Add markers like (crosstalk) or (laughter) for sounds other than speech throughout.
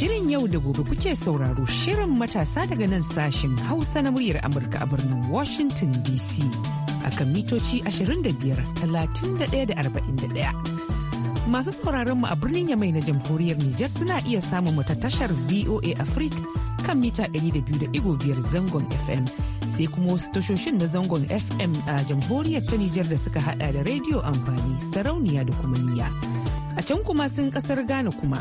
Shirin yau da gobe kuke sauraro shirin matasa daga nan sashen Hausa na muryar Amurka a birnin Washington DC akan mitoci 25-31-41. Masu sauraronmu a birnin Yamai na jamhuriyar Nijar suna iya samun mu tashar VOA Africa kan mita 200.5 zangon FM. sai kuma wasu tashoshin na zangon FM a jamhuriyar ta Nijar da suka hada da rediyo amfani sarauniya da kuma niya. A can kuma sun kasar Ghana kuma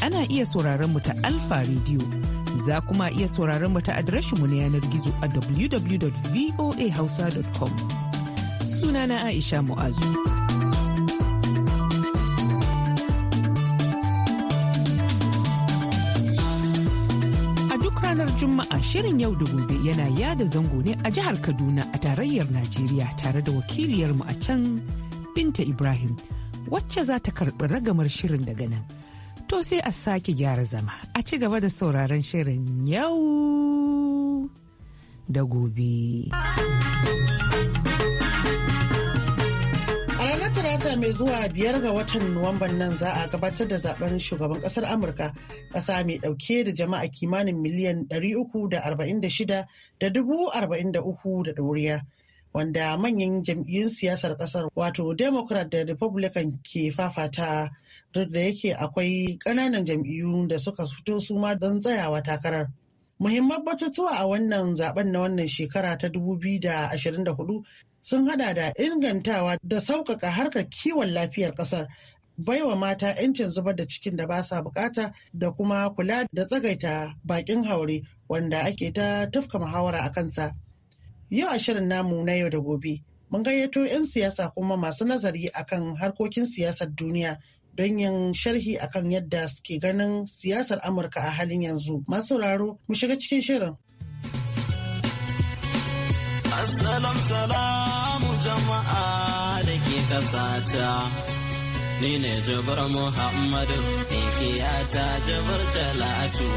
ana iya sauraron mu ta Alfa Radio. Za kuma iya sauraron mu ta adireshin mu na yanar gizo a www.voahausa.com. Sunana Aisha Mu'azu. A duk ranar Juma'a shirin yau da gobe yana yada zango ne a jihar Kaduna a tarayyar Najeriya tare da wakiliyarmu a can Binta Ibrahim wacce za ta karɓi ragamar shirin daga nan. to sai a sake gyara zama a ci gaba da sauraron shirin yau da gobe. talata mai zuwa biyar ga watan nuwamban nan za a gabatar da zaben shugaban kasar amurka ƙasa mai ɗauke da jama'a kimanin miliyan 346 da dubu 43 da ɗoriya wanda manyan jam'iyyun siyasar kasar wato democrat da republican ke fafata duk da yake akwai ƙananan jam'iyyu da suka fito su ma don tsayawa takarar muhimman batutuwa a wannan zaben na wannan shekara ta 2024 sun hada da ingantawa da sauƙaƙa harkar kiwon lafiyar ƙasar baiwa mata 'yancin zubar da cikin da ba sa bukata da kuma kula da tsagaita bakin haure wanda ake ta tafka muhawara a kansa Yau a shirin namu na yau da gobe, mun gayyato 'yan siyasa kuma masu nazari akan harkokin siyasar duniya don yin sharhi akan yadda suke ganin siyasar Amurka a halin yanzu. Masu sauraro mu shiga cikin shirin. salamu jama'a da ke Ni ne Jabar Muhammadu, ɗinkiya ta Jabar Jalatu.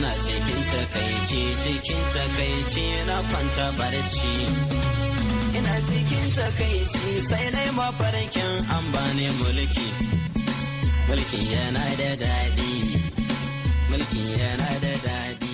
ina cikin takaici cikin takaici na kwanta barci ina cikin takaici sai na yi mafarkin an bani mulki mulki yana da daɗi mulki yana da daɗi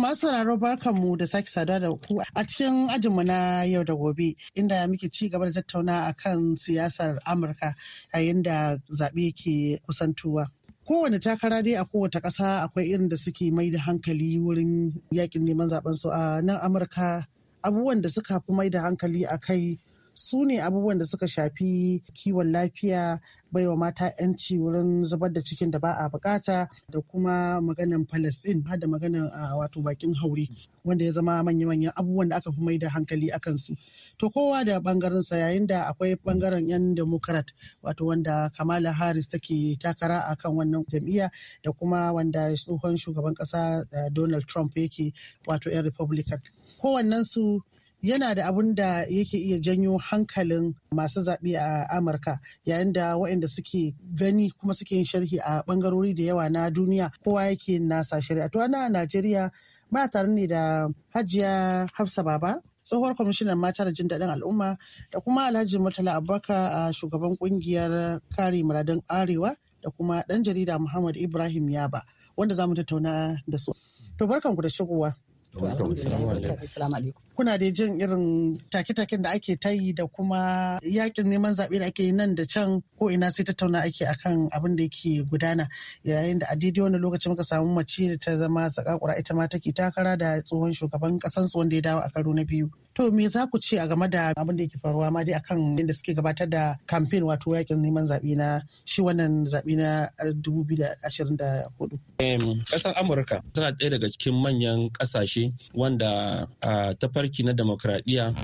masu sauraro barkanmu da sake saduwa da ku a cikin ajinmu na yau da gobe inda muke ci gaba da tattauna akan siyasar amurka yayin da zaɓe ke kusantuwa kowane takara dai a kowace ƙasa akwai irin da suke mai da hankali wurin yakin neman zaben su a nan amurka abubuwan da suka fi mai da hankali a kai su ne abubuwan da suka shafi kiwon lafiya baiwa mata 'yanci wurin zubar da cikin da ba a bukata da kuma maganan palestine ba da maganan ah, wato bakin haure wanda ya zama manya-manyan abubuwan da aka fi mai da hankali a kansu to kowa da bangaren sa yayin da akwai bangaren 'yan democrat wato wanda kamala harris take takara a kan wannan jam'iyya da kuma wanda tsohon shugaban kasa ah, donald trump yake wato 'yan republican kowannensu yana da abun da yake iya janyo hankalin masu zaɓe a amurka yayin da waɗanda suke gani kuma suke yin sharhi a ɓangarori da yawa na duniya kowa yake nasa shari'a to na najeriya muna tare ne da hajiya hafsa baba tsohuwar kwamishinan mata da jin daɗin al'umma da kuma alhaji murtala abubakar a shugaban ƙungiyar kare muradin arewa da kuma ɗan jarida muhammad ibrahim yaba wanda za mu tattauna da su to barkanku da shigowa Kuna da jin irin take-taken da ake tayi da kuma yakin neman zaɓe da ake yi nan da can ko ina sai tattauna ake akan abin da yake gudana yayin da a daidai wani lokaci muka samu mace da ta zama sakakura ita ma take takara da tsohon shugaban kasansu wanda ya dawo a karo na biyu. To me za ku ce a game da abin da yake faruwa ma dai akan yadda suke gabatar da kamfen wato yakin neman zaɓe na shi wannan zaɓe na 2024? Eh, ƙasar Amurka tana ɗaya daga cikin manyan ƙasashe wanda ta farki na demokradiyya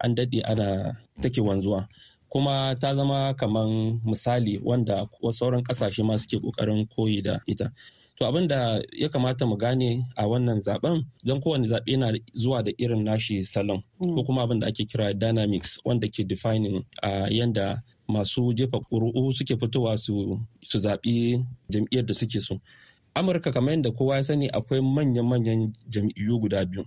an daɗe ana take wanzuwa. kuma ta zama kaman misali wanda sauran kasashe ma suke kokarin koyi da ita To abin da ya kamata mu gane a wannan zaben don kowane zaɓe na zuwa da irin nashi salon mm. ko kuma abin da ake kira dynamics wanda ke defining a yanda masu jefa ƙuru'u suke fitowa su zaɓi jam'iyyar da suke so. Amurka kamar yadda kowa ya sani akwai manyan-manyan jam'iyyu guda biyu.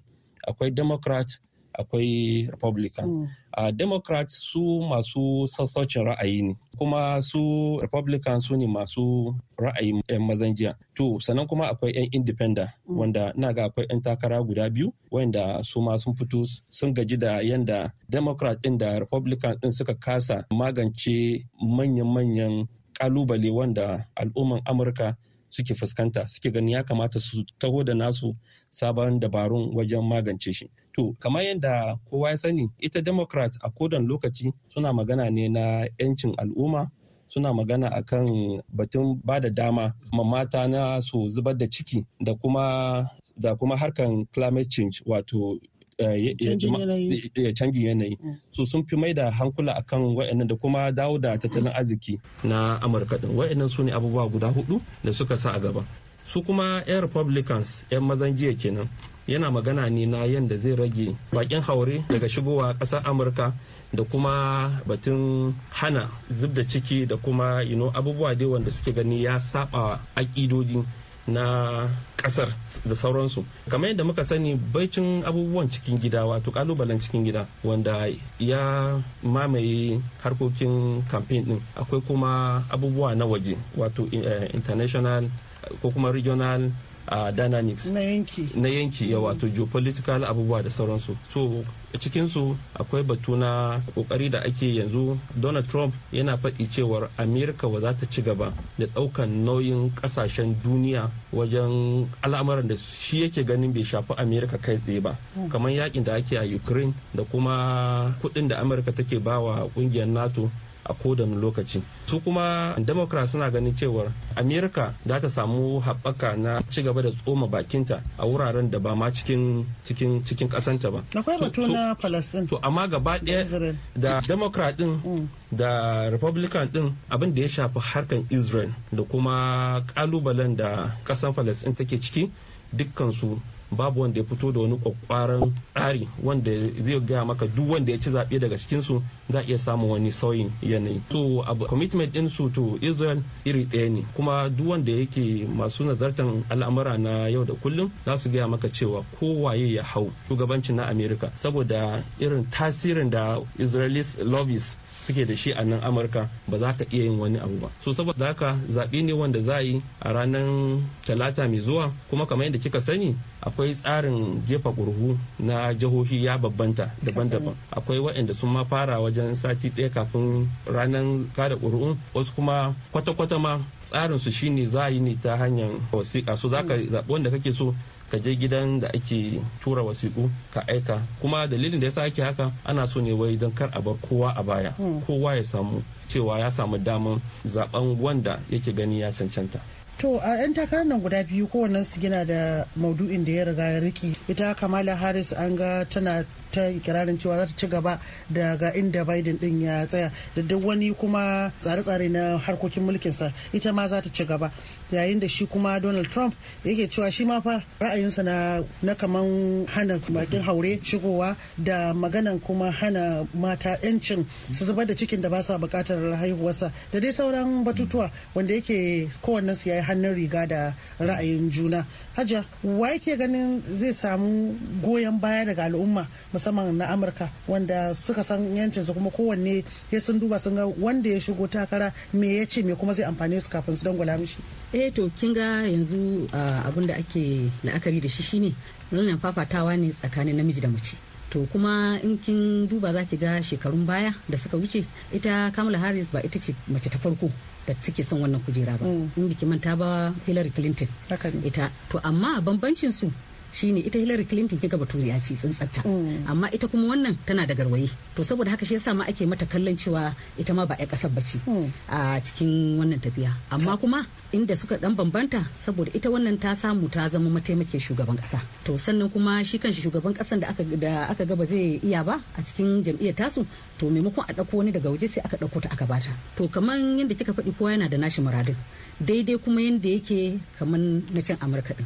Akwai Democrat akwai republican hmm. a ah, democrats su masu sassaucin ra'ayi ne kuma su republican su ne masu ra'ayi 'yan mazan jiya to sannan kuma akwai 'yan independent hmm. wanda na ga akwai 'yan takara guda biyu wanda su ma sun fito sun gaji da yanda democrat din da republican din suka kasa magance manyan-manyan kalubale wanda al'umman amurka suke fuskanta suke gani ya kamata su taho da nasu sabon dabarun wajen magance shi to kamar yadda kowa ya sani ita democrat a kodan lokaci suna magana ne na 'yancin al'umma suna magana akan batun ba da dama ma mata na su zubar da ciki da kuma da kuma harkan climate change wato Eh, canjin yanayi mm. so sun fi mai da hankula akan wa'annan da kuma dawo da tattalin arziki na amurka din wa'annan su ne abubuwa guda hudu da suka sa a gaba su kuma 'yan republicans 'yan mazan jiya kenan yana magana ne na yadda zai rage bakin haure daga shigowa kasar amurka da kuma batun hana zub da ciki da kuma ino abubuwa dai wanda suke gani ya saba aƙidodi na kasar da sauransu kamar yadda muka sani baicin abubuwan cikin gida wato kalubalen cikin gida wanda ya mamaye harkokin campaign din akwai kuma abubuwa na waje wato eh, international ko kuma regional uh, dynamics na yanki na yanki ya wato geopolitical abubuwa da sauransu so cikinsu akwai batu na kokari da ake yanzu donald trump yana faɗi cewar amerika wa za ta ci gaba da ɗaukan nauyin ƙasashen duniya wajen al'amuran da shi yake ganin bai shafi amerika kai tsaye ba hmm. kamar yakin da ake a ukraine da kuma kuɗin da amurka take bawa ƙungiyar nato a kodan lokaci su kuma democrat suna ganin cewar america za ta samu haɓaka na ci gaba da tsoma bakinta a wuraren da ba ma cikin cikin cikin kasanta ba akwai batu na palestine to amma gaba ɗaya da democrat din mm. da republican din abin da ya shafi harkan israel da kuma ƙalubalen da kasan palestine take ciki dukkan su babu wanda ya fito da wani kwakwaran tsari wanda zai gaya maka duk wanda ya ci zaɓe daga cikinsu za iya samun wani sauyin yanayi to abu commitment din su to israel iri ɗaya ne kuma duk wanda yake masu nazartan al'amura na yau da kullum za su gaya maka cewa kowaye ya hau shugabancin na america saboda irin tasirin da israelis lobbies suke da shi a nan amurka ba za ka iya yin wani abu ba so saboda haka zaɓe ne wanda za a yi a ranar talata mai zuwa kuma kamar yadda kika sani akwai tsarin jefa ƙurhu na jihohi ya babbanta daban-daban akwai waɗanda sun ma fara wajen sati ɗaya kafin ranar kada ƙuri'un wasu kuma kwata-kwata ma tsarin su shine za a yi ne ta hanyar wasiƙa so za ka mm. zaɓi wanda kake so ka je gidan da ake tura wasiƙu ka aika kuma dalilin da ya sa ake haka ana so ne wai don kar a bar kowa a baya mm. kowa ya samu cewa ya samu damar zaben wanda yake gani ya cancanta To a 'yan takarar nan guda biyu kowannen su gina da maudu'in da ya riga ya riki. Ita Kamala Harris an ga tana ta ikirarin cewa za ta ci gaba daga inda Biden din ya tsaya da duk wani kuma tsare-tsare na harkokin mulkin sa ita ma za ta ci gaba. Yayin da shi kuma Donald Trump yake cewa shi ma fa ra'ayinsa na na kaman hana bakin haure shigowa da maganan kuma hana mata 'yancin su zubar da cikin da ba sa bukatar haihuwarsa da dai sauran batutuwa wanda yake kowannen su ya yi hannun riga da ra'ayin juna hajja wa yake ganin zai samu goyon baya daga al'umma musamman na amurka wanda suka san yancin yancinsu kuma kowanne ya sun duba sun ga wanda ya shigo takara me ya ce me kuma zai amfane su kafin su dangwala mishi eh to kin ga yanzu ah, abin da ake la'akari da shi shine nan fafatawa ne tsakanin namiji da mace to kuma in kin duba za ki ga shekarun baya da suka wuce ita kamala harris ba ita ce mace ta farko da take son wannan kujera ba mm. in biki manta ba hillary clinton ita to amma bambancin su shine ita Hillary Clinton kika baturiya ce tsatta amma ita kuma wannan tana da garwaye to saboda haka shi yasa ma ake mata kallon cewa ita ma ba ya kasar bace hmm. a cikin wannan tafiya amma kuma inda suka dan bambanta saboda ita wannan ta samu ta zama mataimake shugaban kasa to sannan kuma shi kanshi shugaban kasan da aka da aka ga zai iya ba a cikin jam'iyyar tasu to maimakon a dauko wani daga waje sai aka dauko ta aka bata to kaman yadda kika faɗi kowa yana da nashi muradin daidai kuma yanda yake kaman na can amurka din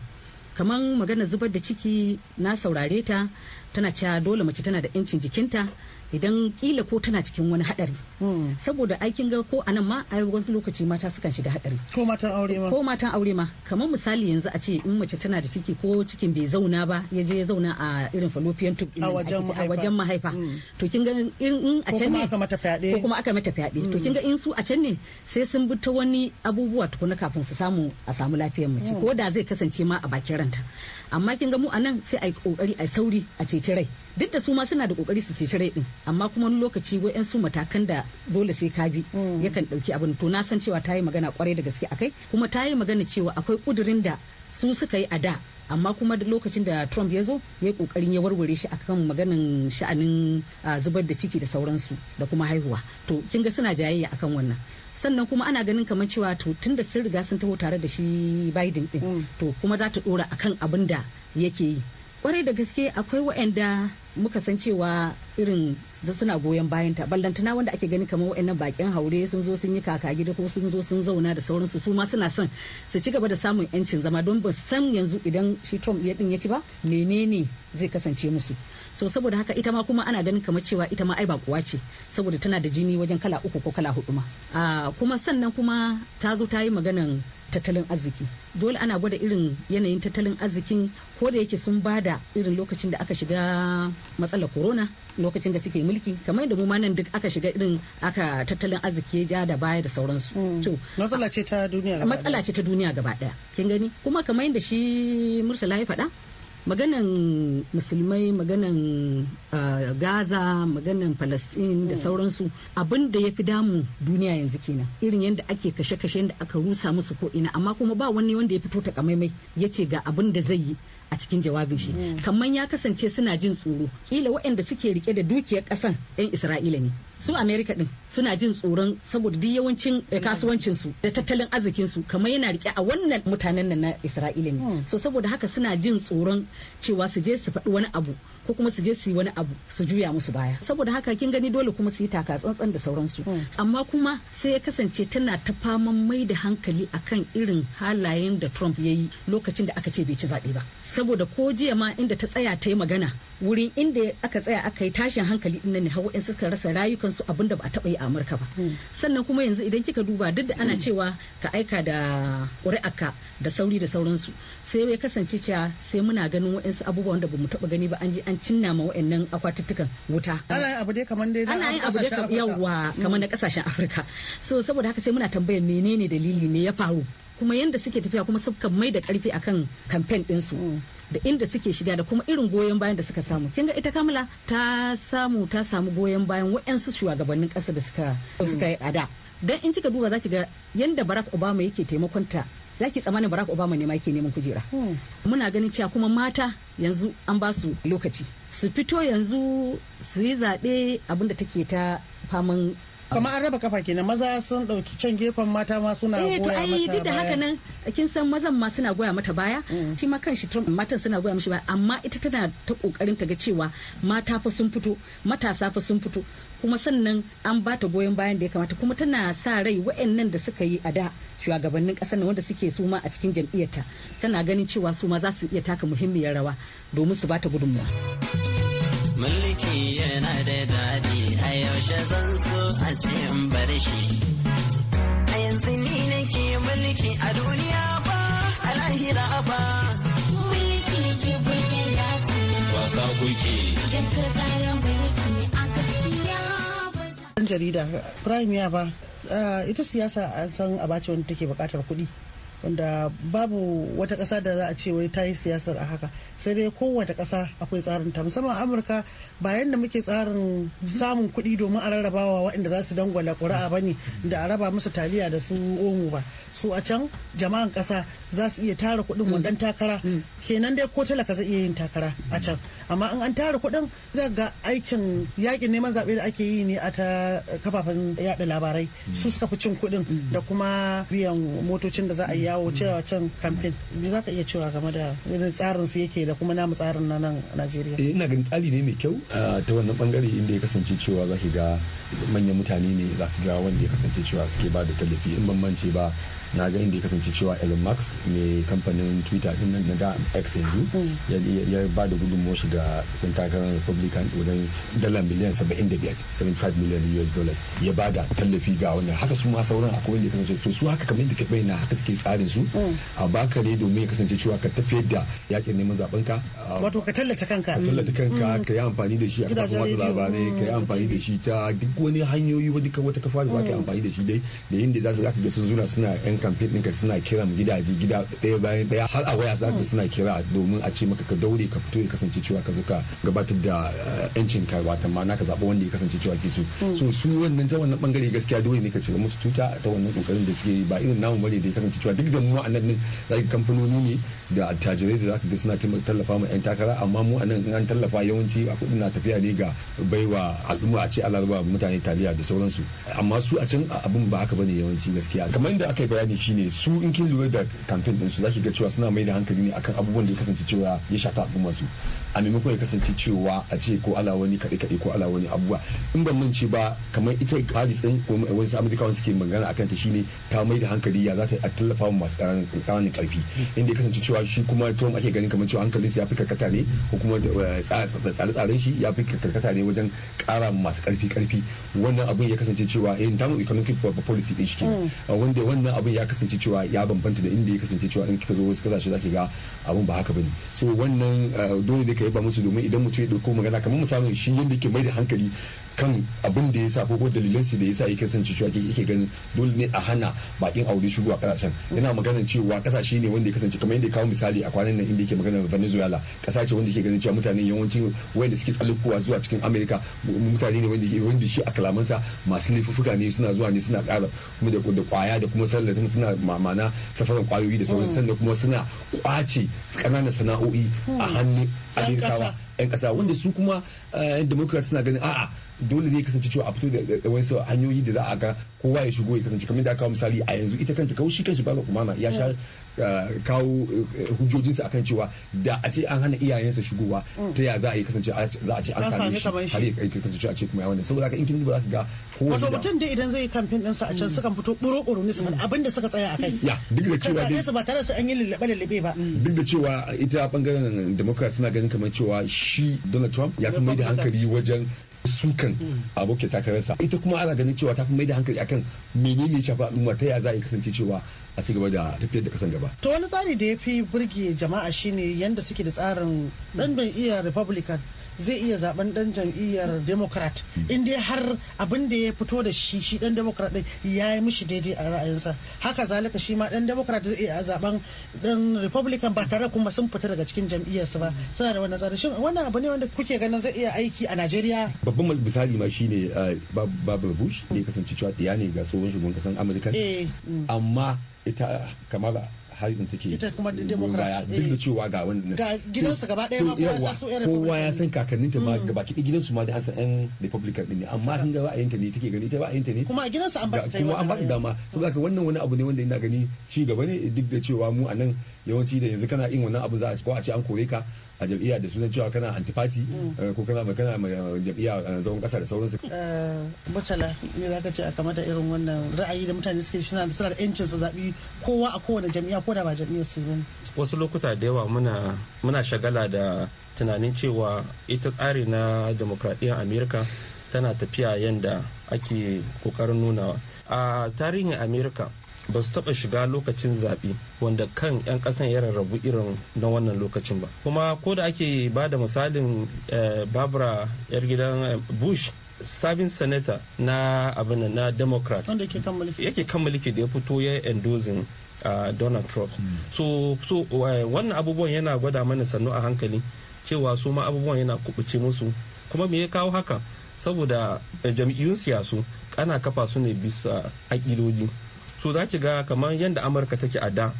kamar magana zubar da ciki na saurare ta tana cewa dole mace tana da 'yancin jikinta idan kila ko tana cikin wani hadari hmm. saboda aikin ga ko anan ma a wasu lokaci mata sukan shiga hadari ko matan aure ma ko matan aure ma kamar misali yanzu a ce in mace tana da ciki ko cikin bai zauna ba ya je ya zauna a irin fallopian tube a wajen mahaifa hmm. to kin ga in a can ne ko kuma aka mata fyaɗe to kin ga in su a can ne sai sun bi ta wani abubuwa tukuna kafin su samu a samu lafiyar mace hmm. ko da zai kasance ma a bakin ranta amma kin ga mu anan sai a yi kokari a sauri a ceci rai duk da su ma suna da kokari su ceci rai din amma kuma wani lokaci wayan su matakan da dole sai ka bi mm. yakan dauki abin to na san cewa ta yi magana kwarai da gaske akai kuma ta magana cewa akwai kudirin da su suka yi a da amma kuma da lokacin da trump ya zo ya yi kokarin ya warware shi akan maganin sha'anin ah, zubar da ciki da sauransu da kuma haihuwa to kin ga suna jayayya akan wannan sannan kuma ana ganin kamar cewa to tunda sun riga sun taho tare da shi Biden din mm. to kuma za ta dora akan abin da yake yi kwarai da gaske akwai waɗanda muka san cewa irin suna goyon bayan ta ballantana wanda ake gani kamar wa'annan bakin haure sun zo sun yi kaka gida ko sun zo sun zauna da sauransu su ma suna son su ci gaba da samun yancin zama don ba san yanzu idan shi Trump ya din ya ci ba menene zai kasance musu so saboda haka ita ma kuma ana ganin kamar cewa ita ma ai ba kuwa ce saboda tana da jini wajen kala uku ko kala hudu ma kuma sannan kuma ta zo ta yi maganan tattalin arziki dole ana gwada irin yanayin tattalin arzikin ko da yake sun bada irin lokacin da aka shiga matsalar corona lokacin da suke mulki kamar da mu ma nan duk aka shiga irin aka tattalin arziki ya ja da baya da sauransu hmm. to matsala ce ta duniya gaba matsala ce ta duniya gaba daya kin gani kuma kamar yadda shi Murtala ya faɗa maganan musulmai maganan uh, gaza maganan palestine da hmm. sauransu abin da ya fi damu duniya yanzu kenan irin yadda ake kashe-kashe yadda aka rusa musu ko ina amma kuma ba wani wanda ya fito takamaimai ya ce ga abin da zai yi a cikin jawabin shi hmm. kamar ya kasance suna jin tsoro kila waɗanda suke rike da dukiyar ƙasan 'yan isra'ila ne su Amerika din suna jin tsoron saboda duk yawancin eh, kasuwancin su da tattalin arzikin su kamar yana rike a wannan mutanen nan na isra'ila ne hmm. so saboda haka suna jin tsoron cewa su je su faɗi wani abu ko kuma su je su yi wani abu su juya musu baya saboda haka kin gani dole kuma su yi taka tsantsan da sauransu hmm. amma kuma sai ya kasance tana ta faman mai da hankali akan irin halayen da Trump ya yi lokacin da aka ce bai ci zaɓe ba saboda ko jiya ma inda ta tsaya ta yi magana wurin inda aka tsaya aka yi tashin hankali din nan ne hawa suka rasa rayukansu da ba a taɓa yi a Amurka ba hmm. sannan kuma yanzu idan kika duba duk da ana hmm. cewa ka aika da ƙuri'arka da sauri da sauransu sai ya kasance cewa sai muna ganin waɗansu abubuwan da ba mu taɓa gani ba an ji an cinna ma wa'annan akwatuttukan wuta ana yin abu dai kamar dai ana yin abu dai yawa kamar na kasashen afirka so saboda haka sai muna tambayar menene dalili ne ya faru kuma yanda suke tafiya kuma suka mai da karfi akan kamfen ɗinsu mm. da inda suke shiga da kuma irin goyon bayan da suka samu kin ga ita kamala ta samu ta samu goyon bayan wa'ansu shugabannin ƙasa da suka mm. suka yi ada dan in kika duba za ki ga yanda Barack Obama yake taimakon ta zaki tsammanin Barack Obama ne ma yake neman kujera mm. muna ganin cewa kuma mata yanzu an ba su lokaci su fito yanzu su yi zaɓe abinda take ta faman kama an raba kafa kenan maza sun dauki can gefen mata ma suna goya mata baya eh to ai duk da haka nan kin san mazan ma suna goya mata baya mm. shi ma kanshi Trump matan suna goya mishi baya amma ita tana ta kokarin ta ga cewa mata fa sun fito matasa fa sun fito kuma sannan an ba ta goyon bayan da ya kamata kuma tana sa rai waɗannan da suka yi a da shugabannin ƙasar nan wanda suke su ma a cikin jam'iyyarta tana ganin cewa su ma za su iya taka muhimmiyar rawa domin su ba ta gudunmuwa. mulki yana da daɗi a yaushe zan so a ce in bar shi a yanzu ni nake mulki a duniya ba a lahira ba mulki ke bulkin dace wasa kuke gaskiya mulki a gaskiya ba jarida prime ya ba eh, ita siyasa an san abace wanda take bukatar kuɗi wanda babu wata ƙasa da za a ce wai ta yi siyasar a haka sai dai kowace kasa akwai tsarin ta musamman amurka bayan da muke tsarin samun kuɗi domin a rarrabawa waɗanda za su dangwala ƙuri'a bane da a raba musu taliya da su omo ba su a can jama'an ƙasa za su iya tara kuɗin wannan takara kenan dai ko talaka zai iya yin takara a can amma in an tara kuɗin za ga aikin yakin neman zaɓe da ake yi ne a ta kafafen yaɗa labarai su suka fi cin kuɗin da kuma biyan motocin da za a yi yawo mm. cewa a can kamfen me za ka iya cewa game da irin tsarin su yake da kuma namu tsarin na nan Najeriya eh, ina ganin tsari ne mai kyau mm. ah, ta wannan bangare inda ya kasance cewa za ki ga manyan mutane ne za ki ga wanda ya kasance cewa suke ba da tallafi in bambance ba na ga inda ya kasance cewa Elon Musk mai kamfanin Twitter din nan da X yanzu mm. ya ba da gudunmuwar shi ga ɗan takarar Republican wajen dala miliyan 75 75 miliyan US dollars ya ba da tallafi ga wannan haka su ma sauran akwai wanda ya kasance su haka kamar yadda ka bayyana haka suke tsari da su mm. a baka ne domin ya kasance cewa ka tafi da yakin neman zaben ka wato ka tallata kanka ka tallata mm. kanka ka yi amfani da shi a kafin wata labarai ka yi mm. amfani da shi ta duk wani hanyoyi wani wata kafa da za ka yi amfani da shi dai da yin da za su ka ga sun zuna suna yan kamfe ɗinka suna kiran gidaje gida ɗaya bayan ɗaya har a waya za ka suna kira domin a ce maka ka daure ka fito ya kasance cewa ka zo ka gabatar da eh, yancin ka wata ma naka zaɓa wanda ya kasance cewa ke so so su wannan ta wannan bangare gaskiya dole ne ka cire musu tuta ta wannan kokarin da suke yi ba irin namu bane da ya kasance cewa duk da mu a nan zaki kamfanoni ne da attajirai da ka ga suna tallafa ma 'yan takara amma mu a nan in an tallafa yawanci a kudin na tafiya ne ga baiwa al'umma a ce ala raba mutane taliya da sauransu amma su a can abin ba haka bane yawanci gaskiya kamar yadda aka yi bayani shine su in kin lura da kamfen din su ki ga cewa suna mai da hankali ne akan abubuwan da ya kasance cewa ya shafi al'umma su a maimakon ya kasance cewa a ce ko ala wani kaɗe kaɗe ko ala wani abubuwa in ban mance ba kamar ita Paris din ko wasu wani suke magana akan ta shine ta mai da hankali ya za ta tallafa samun masu ƙananan karfi inda ya kasance cewa shi kuma tom ake ganin kamar cewa hankalinsa ya fi karkata ne ko kuma eh, tsare-tsaren shi ya fi karkata ne wajen kara masu karfi karfi wannan abin ya kasance cewa eh, in tamu economic policy din shi mm. eh, wanda wannan abin ya kasance cewa ya bambanta da inda ya kasance cewa in kika zo wasu kasashe zaki ga abin ba haka bane so wannan dole da ka ba musu domin idan mutum ya dauko magana kamar misalin shi yadda yake mai da hankali kan abin da ya sa ko dalilan su da ya sa ya kasance cewa yake ganin dole ne a hana bakin aure shigo a kasashen mm. yana maganar cewa kasashe ne wanda ya kasance kamar yadda kawo misali a kwanan nan inda yake maganar venezuela kasa ce wanda ke ganin cewa mutane yawanci wanda suke tsallukowa zuwa cikin america mutane ne wanda shi a kalamansa masu laifuffuka ne suna zuwa ne suna kara da kwaya da kuma tun suna mamana safaran kwayoyi da sauran mm. sannan kuma suna kwace kananan sana'o'i a mm. hannun amerikawa 'yan kasa wanda su kuma eh, democrats suna ganin a'a dole ne kasance cewa a fito da wasu hanyoyi da za a ga kowa ya shigo ya kasance kamar da aka misali a yanzu ita kanta kaushi ba bala kumana ya sha mm. ah, kawo eh, hujjojinsa akan cewa da a ce an hana iyayensa shigowa mm. ta ya za a yi kasance za a ce an sami shi har ya kasance a ce kuma ya wannan saboda haka in kin duba za ka ga kowa wato mutum da idan zai yi kamfen sa. a can mm. sukan fito buru buru ne su abin da suka tsaya a kai ya duk da cewa dai ba tare su an yi lallaɓe lallaɓe ba duk da cewa ita bangaren democrat suna ganin kamar cewa shi donald trump ya fi mai da hankali wajen sukan mm. abokin takararsa ita kuma ana ganin cewa ta fi mai da hankali akan menene shafa al'umma ta ya za a kasance cewa a ci gaba da tafiyar da kasan gaba. To wani tsari da ya fi burge jama'a shine yanda suke da tsarin dan iya Republican zai iya zaben dan jam'iyyar democrat hmm. in dai har abin da ya fito da shi shi dan democrat din ya yi mishi daidai a ra'ayinsa haka zalika shi ma dan democrat zai iya zaben dan republican ba tare kuma sun fita daga cikin su ba hmm. suna da wani tsarin shin wannan abu ne wanda kuke ganin zai iya aiki a Najeriya babban misali ma shine eh, babu Bush ne hmm. kasance cewa ne ga tsohon shugaban kasan Amurka eh, amma ita Kamala Harrington take ita kuma democrat duk eh, da cewa ga wannan ga gidansu gaba daya ma kowa su republican kowa ya san kakanninta ma mm. gaba ki gidansu ma da an san yan republican din ne amma kin ga ta ne take gani ta ta ne kuma a gidansu an ba ta kuma an ba ta dama saboda haka wannan wani abu ne wanda ina gani ci gaba ne duk da cewa mu a nan yawanci da yanzu kana yin wannan abu za a ko a ce an kore ka a jam'iyya da sunan cewa kana antifati mm. eh, ko kana magana eh, jam'iyya zaun kasa da sauransu. Eh, Mutala me za ka ce a kama da irin wannan ra'ayi da mutane suke suna da yancin su zaɓi kowa a kowane jam'iyya ko da ba jam'iyyar su ba. Wasu lokuta da yawa muna muna shagala da tunanin cewa ita tsari na demokradiyyar Amerika tana tafiya yanda ake kokarin nunawa a tarihin america ba su taba shiga lokacin zaɓe wanda kan 'yan ƙasan ya rarrabu irin na wannan lokacin ba kuma ko da ake ba da misalin eh, babura yar gidan eh, bush sabin senator na abin na democrat yake kan mulki da ya fito ya endozin ah, donald trump hmm. so eh, wannan abubuwan yana gwada mana sannu a hankali cewa su ma abubuwan yana kubuce musu kuma me ya kawo haka saboda eh, jam'iyyun siyasu ana kafa su ne bisa aƙidoji so za ki ga kamar yadda amurka take a da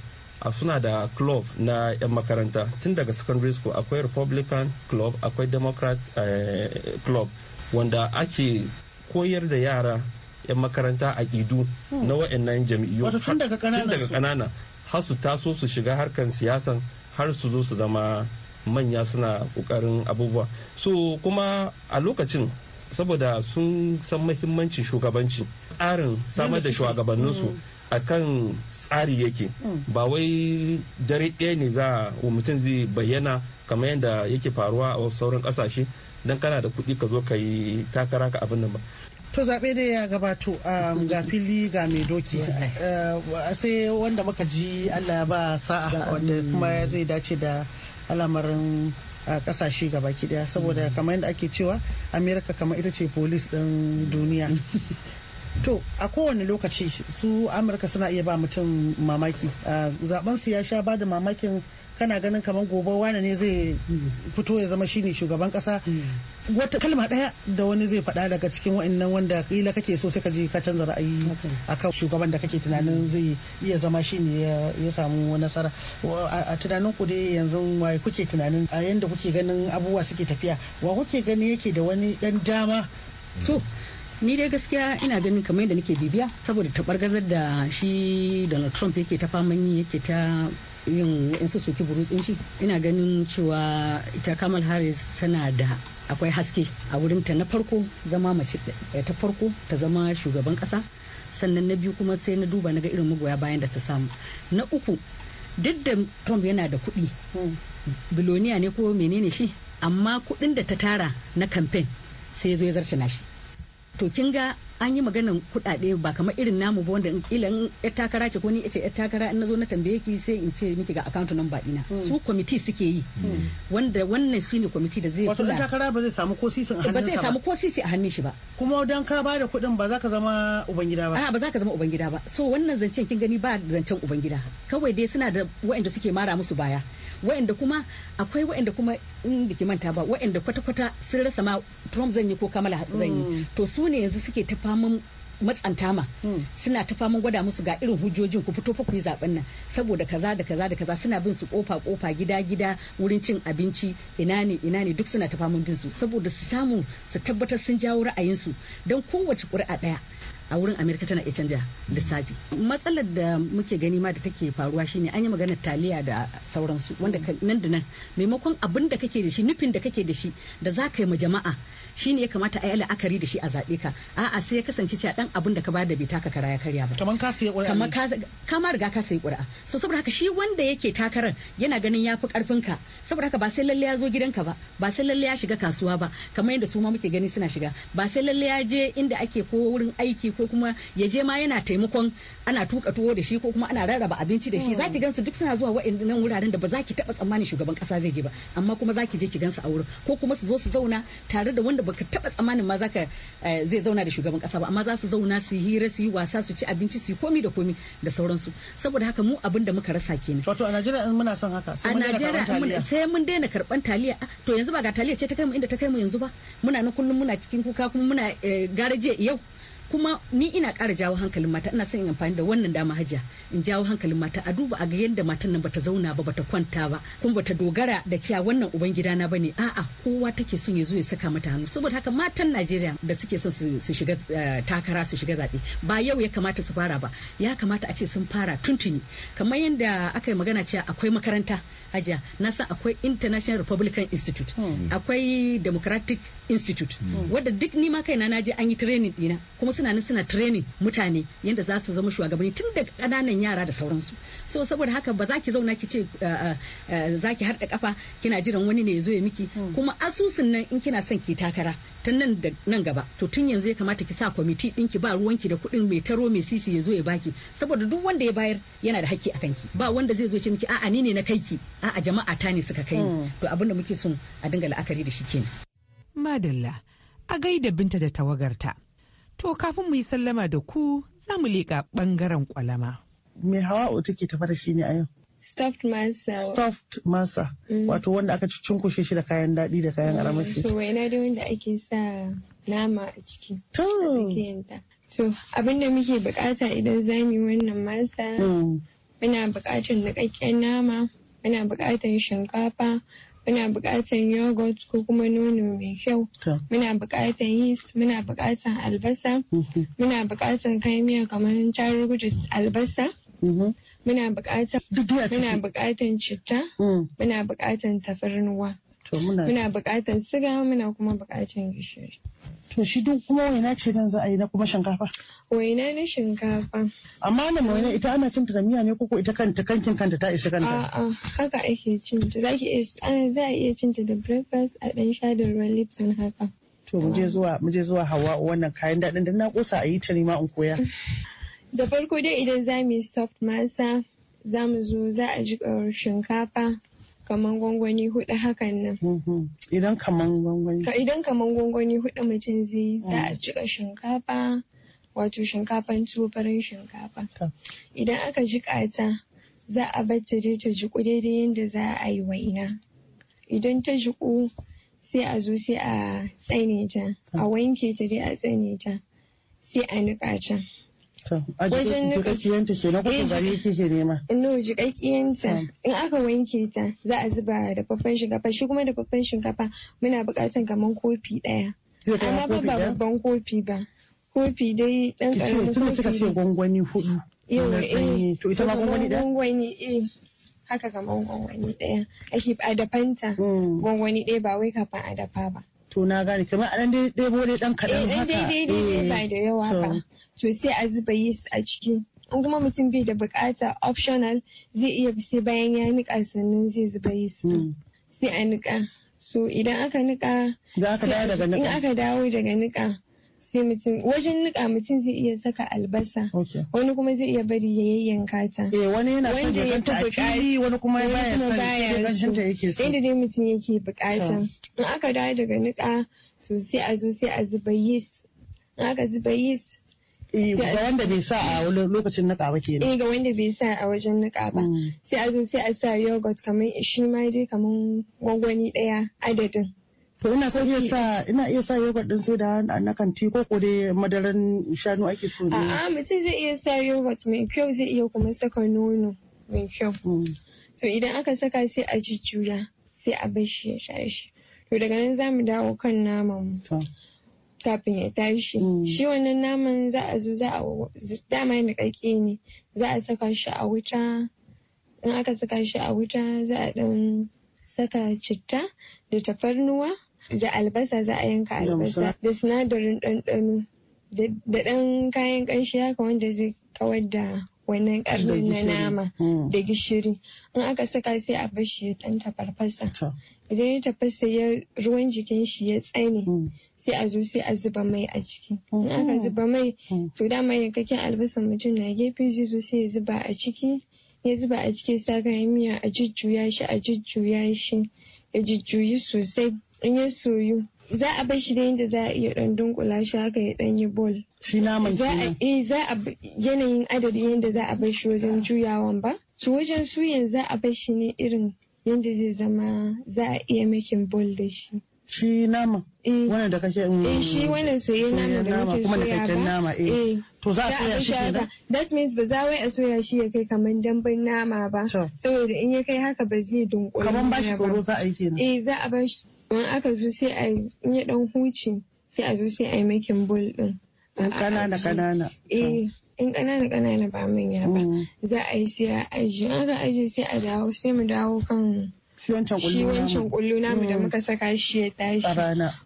a suna da club na 'yan makaranta tun daga secondary school akwai republican club akwai democrat eh, club wanda ake koyar da yara 'yan makaranta a idu hmm. na wa'annan jam'iyyu tun daga kanana har su taso su shiga harkan siyasan har su zo su zama manya suna kokarin abubuwa so kuma a lokacin saboda sun san mahimmancin shugabanci tsarin samar da shugabanninsu a kan tsari yake ba wai dare ɗaya ne za mutum zai bayyana kamar yadda yake faruwa a sauran ƙasashe don kana da kuɗi ka zo ka yi takara ka abin nan ba to zaɓe da ya gabato um, ga fili ga mai doki uh, sai wanda muka ji allah ba sa'a wanda kuma zai dace da al'amarin a kasashe gaba daya saboda mm. kamar yadda ake cewa amerika kamar ita ce polis din duniya (laughs) to a kowane lokaci su amurka suna iya ba mutum mamaki zaben su ya sha ba da mamakin kana ganin kamar gobe wani ne zai fito ya zama shine shugaban kasa wata kalma daya da wani zai faɗa daga cikin wa'annan wanda kila kake so sai ka je ka canza ra'ayi akan shugaban da kake tunanin zai iya zama shine ya samu nasara a tunanin ku dai yanzu wai kuke tunanin a yanda kuke ganin abubuwa suke tafiya wa kuke gani yake da wani dan dama to ni dai gaskiya ina ganin kamar yadda nake bibiya saboda tabargazar da shi donald trump yake ta faman yi yake ta yin wa'insu soke burutsin shi ina ganin cewa ita kamal harris tana da akwai haske a wurin ta na farko zama mace eh, ta farko ta zama shugaban kasa sannan na biyu kuma sai na duba na ga irin magoya bayan da ta samu na uku duk da trump yana da kuɗi biloniya ne ko menene shi amma kuɗin da ta tara na kamfen sai ya zo ya zarce na shi to kin ga an yi magana kuɗaɗe ba kamar irin namu ba wanda kila in yar takara ce ko ni ce yar takara in nazo na tambaye ki sai in ce miki ga account number dina hmm. su committee suke yi hmm. wanda wannan su ne committee da zai kula wato takara ba zai samu ko sisin a hannun ba zai samu ko sisi a hannun shi ba kuma dan ka bada kuɗin ba za ka zama ubangida ba a ba za ka zama ubangida ba so wannan zancen kin gani ba zancen ubangida kawai dai suna da wa'anda suke mara musu baya wa'anda kuma akwai wa'anda kuma in biki manta ba wa'anda kwata-kwata sun rasa ma Trump zan yi ko Kamala zan yi hmm. to su ne yanzu suke ta faman matsanta hmm. suna ta faman gwada musu ga irin hujjojin ku fito fa ku yi zaben nan saboda kaza da kaza da kaza suna bin su kofa kofa gida gida wurin cin abinci ina ne ina ne duk suna ta faman bin su saboda su samu su tabbatar sun jawo ra'ayin su don kowace ƙuri'a ɗaya a wurin amerika tana iya canja lissafi matsalar da muke gani ma da take faruwa shine an yi maganar taliya da sauransu wanda nan da nan maimakon abin da kake da shi nufin da kake da shi da za ka yi ma jama'a shine ya kamata a yi la'akari da shi a zaɓe ka a'a sai ya kasance cewa dan abin da ka bada bai taka kara ya karya ba kamar ka sai ƙuri'a kamar riga ka sai ƙuri'a so saboda haka shi wanda yake takarar yana ganin ya fi karfin ka saboda haka ba sai lalle ya zo gidanka ba ba sai lalle ya shiga kasuwa ba kamar yadda su ma muke gani suna shiga ba sai lalle ya je inda ake ko wurin aiki ko kuma ya je ma yana taimakon ana tuka tuwo da shi ko kuma ana rarraba abinci da shi hmm. zaki gansu duk suna zuwa waɗannan wuraren da ba za ki taɓa tsammanin shugaban kasa zai je ba amma kuma za ki je ki gansu a wurin ko kuma su zo su zauna tare da wanda baka taɓa tsammanin ma zaka eh, zai zauna da shugaban kasa. ba amma za su zauna su hira su yi wasa su ci abinci su yi komi da komi da sauransu saboda haka mu abin da muka rasa kenan. Wato a Najeriya in muna son haka sai mun daina karban sai mun daina karban taliya to yanzu ba ga taliya ce ta kai mu inda ta kai mu yanzu ba muna na kullum muna cikin kuka kuma muna eh, garaje yau kuma ni ina ƙara jawo hankalin mata ina son in amfani da wannan dama hajiya in jawo hankalin mata a duba a ga yadda matan nan bata zauna ba bata kwanta ba kuma bata dogara da cewa wannan uban gidana bane a'a kowa take son ya zo ya saka mata hannu saboda haka matan Najeriya da suke son su shiga eh, takara su shiga zaɓe ba yau ya kamata su fara ba ya kamata a ce sun fara tuntuni kamar yadda aka yi magana cewa akwai makaranta hajiya na san akwai international republican institute hmm. akwai democratic institute hmm. wadda duk ni ma kaina na je an yi training dina kuma suna nan suna training mutane yadda za su zama shugabanni tun daga ƙananan yara da sauransu so saboda haka ba za ki zauna ki ce ah, ah, ah, za ki harɗa kafa kina jiran wani ne ya zo ya miki hmm. kuma asusun nan in kina son ki takara ta nan da nan gaba to tun yanzu ya kamata ki sa kwamiti ki ba ruwanki da kuɗin mai taro mai sisi ya zo ya baki saboda duk wanda ya bayar yana da hakki akan ki ba wanda zai zo ce miki a'a ni ne na kai ki a'a jama'a ta ne suka kai ni hmm. to abin da muke son a dinga la'akari da shi kenan madalla a gaida binta da tawagarta To kafin mu yi sallama da ku za mu leƙa ɓangaren kwalama. Me o take tafa da shi ne a yau? Stuffed masa. Stuffed masa. Mm. Wato wanda aka cunkushe shi da kayan daɗi da kayan mm, armashi. To na da wanda ake sa nama a ciki. To. To abinda muke bukata idan za mu yi wannan masa. Mm. Muna bukatar niƙaƙƙen nama, muna bukatar shinkafa, muna buƙatan yogurt ko kuma nono mai kyau muna buƙatan yeast muna buƙatan albasa mm-hmm. muna buƙatan kayan miya kamar tarugu albasa mm-hmm. muna buƙatar muna buƙatan citta mm. muna buƙatan tafarnuwa muna buƙatan siga muna kuma buƙatan gishiri To shi duk kuma waina ce nan za a yi na kuma shinkafa. Waina ne shinkafa. Amma na waina ita ana cin ta da miya ne koko ita kanta kankin kanta ta isa kanta. A'a haka ake cin ta za a iya cin ta da breakfast a ɗan sha da ruwan Lipton haka. To mu je zuwa mu je zuwa hawa wannan kayan daɗin da na kosa a yi ta nima in koya. (laughs) Da farko dai idan za mu yi soft masa za mu zo za a ji shinkafa kaman gwangwani hudu hakan nan. Hmm, hmm. Idan kaman gwangwani? Idan kaman gwangwani hudu mutum zai za a hmm. jika shinkafa wato shinkafan tuwo farin shinkafa. Idan aka jika ta za a bata dai ta jiku daidai yadda za a yi waina. Idan ta jiku sai a zo sai a tsane ta a wanke ta dai a tsane ta sai a niƙa ta. wajen jikakkiyanta ke na kuma gari kike nema. No ta hmm. in aka wanke ta za a zuba da faffan shinkafa shi kuma da faffan shinkafa muna buƙatan kamar kofi ɗaya. Amma ba babban kofi ba. Kofi dai ɗan ƙaramin kofi. Tunda kika ce gwangwani hudu. Yawa eh. ita ma gwangwani ɗaya? Gwangwani eh. Haka kamar gwangwani ɗaya. Ake a dafanta. Hmm. Gwangwani ɗaya ba wai kafin a dafa ba. To na gane kamar a ɗan dai ɗebo dai dan kaɗan haka. Eh ɗan dai dai ba eh, da yawa ba. to sai a zuba yeast a ciki in kuma mutum bai da bukata optional zai iya sai bayan ya nika sannan zai zuba yeast hmm. sai a nika so idan aka nika in aka dawo daga nika sai mutum wajen nika mutum zai iya saka albasa wani kuma zai iya bari ya yayyanka ta eh wani yana son ya ganta a fili wani kuma baya son ya ganta yake so inda dai mutum yake bukata in aka dawo daga nika to sai a zo sai a zuba yeast in aka zuba yeast Eh, ga wanda bai sa a lokacin nika ba kenan eh ga wanda bai sa a wajen nika ba mm. sai a zo sai a sa yogurt kamar shi ma dai kamar gwangwani daya adadin to ina son iya sa ina iya sa yogurt din sai da na kanti ko ko dai madaran shanu ake so ne a'a mutum zai iya sa yogurt mai kyau zai iya kuma saka nono mai kyau mm. to idan aka saka sai a jujjuya sai a bar shi ya sha shi to daga nan za mu dawo kan naman mu kafin ya tashi mm. shi wannan naman za a zo za a dama niƙaƙƙe ne za a saka shi a wuta in aka saka shi a wuta za a ɗan saka citta da tafarnuwa da albasa za a yanka albasa da sinadarin ɗanɗano da ɗan kayan ƙanshi haka wanda zai kawar da wannan karni na nama hmm. da gishiri in aka saka sai a bashi ya dan tafarfasa idan ya tafasa ya ruwan jikin shi ya tsane hmm. sai a zo sai a zuba mai a ciki in aka hmm. zuba mai to dama kake albasan mutum na gefe zai zo sai ya zuba a ciki ya zuba a cikin sa kayan miya a jujjuya shi a jujjuya shi ya jujjuyi sosai in ya soyu za a bar shi da yadda za a iya dan dunkula shi haka ya dan yi bol. Shi naman za a eh za a yanayin adadi yadda za a bar shi wajen juyawan ba. To wajen suyan za a bar shi ne irin yadda zai zama za a iya makin bol da shi. Shi nama? Eh. Wannan da kake in mm, Eh shi wannan soyayyen nama da kake kuma da kake nama eh. eh. To za a soya shi kenan? That means ba za wai a soya shi ya kai kaman dambun nama ba. Saboda in ya kai haka ba zai dunkule. Kaman ba shi tsoro za a yi kenan. Eh za a ba shi in aka zo sai a yi dan huce sai a zo sai a yi makin bol din in kanana kanana eh in kanana kanana ba manya ba mm. za a yi sai a aji an ga aji sai a dawo sai mu dawo kan shi wancan kullu namu da mm. muka saka shi ya tashi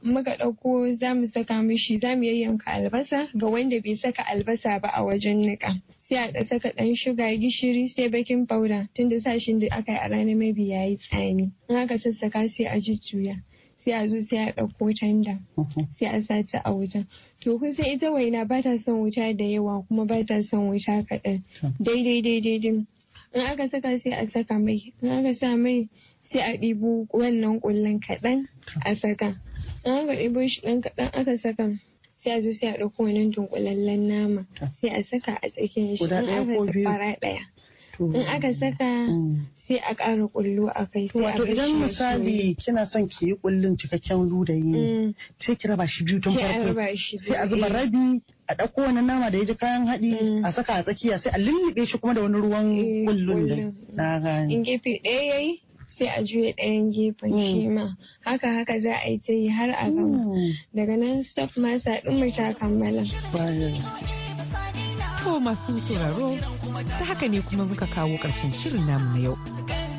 muka ɗauko za mu saka mishi za mu yayyanka albasa ga wanda bai saka albasa ba a wajen niƙa sai a saka ɗan shuga gishiri sai bakin fauda tunda sashin da aka yi a ranar mabi yayi tsami in aka sassaka sai a jujjuya sai a zo sai a ɗauko tanda sai a ta a wutan to kun san ita waina ba ta son wuta da yawa kuma ba ta son wuta kaɗan daidai daidai din in aka saka sai a saka mai in aka sa mai sai a ɗibo wannan ƙullan kaɗan a saka in aka ɗibo shi ɗan kaɗan aka saka sai a zo sai a ɗauko wannan dunkulallen nama sai a saka a tsakiyar shi in aka fara ɗaya in aka saka mm. sai a kara kullu a kai sai a idan misali kina son ki yi kullun cikakken ludayi mm. sai ki raba shi biyu tun farko sai a zuba eh. rabi a ɗauko wani nama da ya ji kayan haɗi mm. a saka a tsakiya sai a lullube shi kuma da wani ruwan kullun eh, da na gani in gefe ɗaya yayi sai a juya ɗayan gefen shi ma haka haka za a yi ta yi har a gama daga nan stop masa ɗin ta kammala. ko masu sauraro ta haka ne kuma muka kawo ƙarshen shirin namu na yau.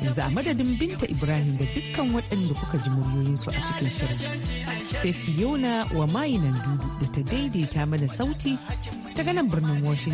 Yanzu a madadin Binta Ibrahim da dukkan waɗanda kuka ji muryoyinsu a cikin shirin. Sai Fiona wa mayinan dudu da ta daidaita mana sauti ta ganin birnin Washington.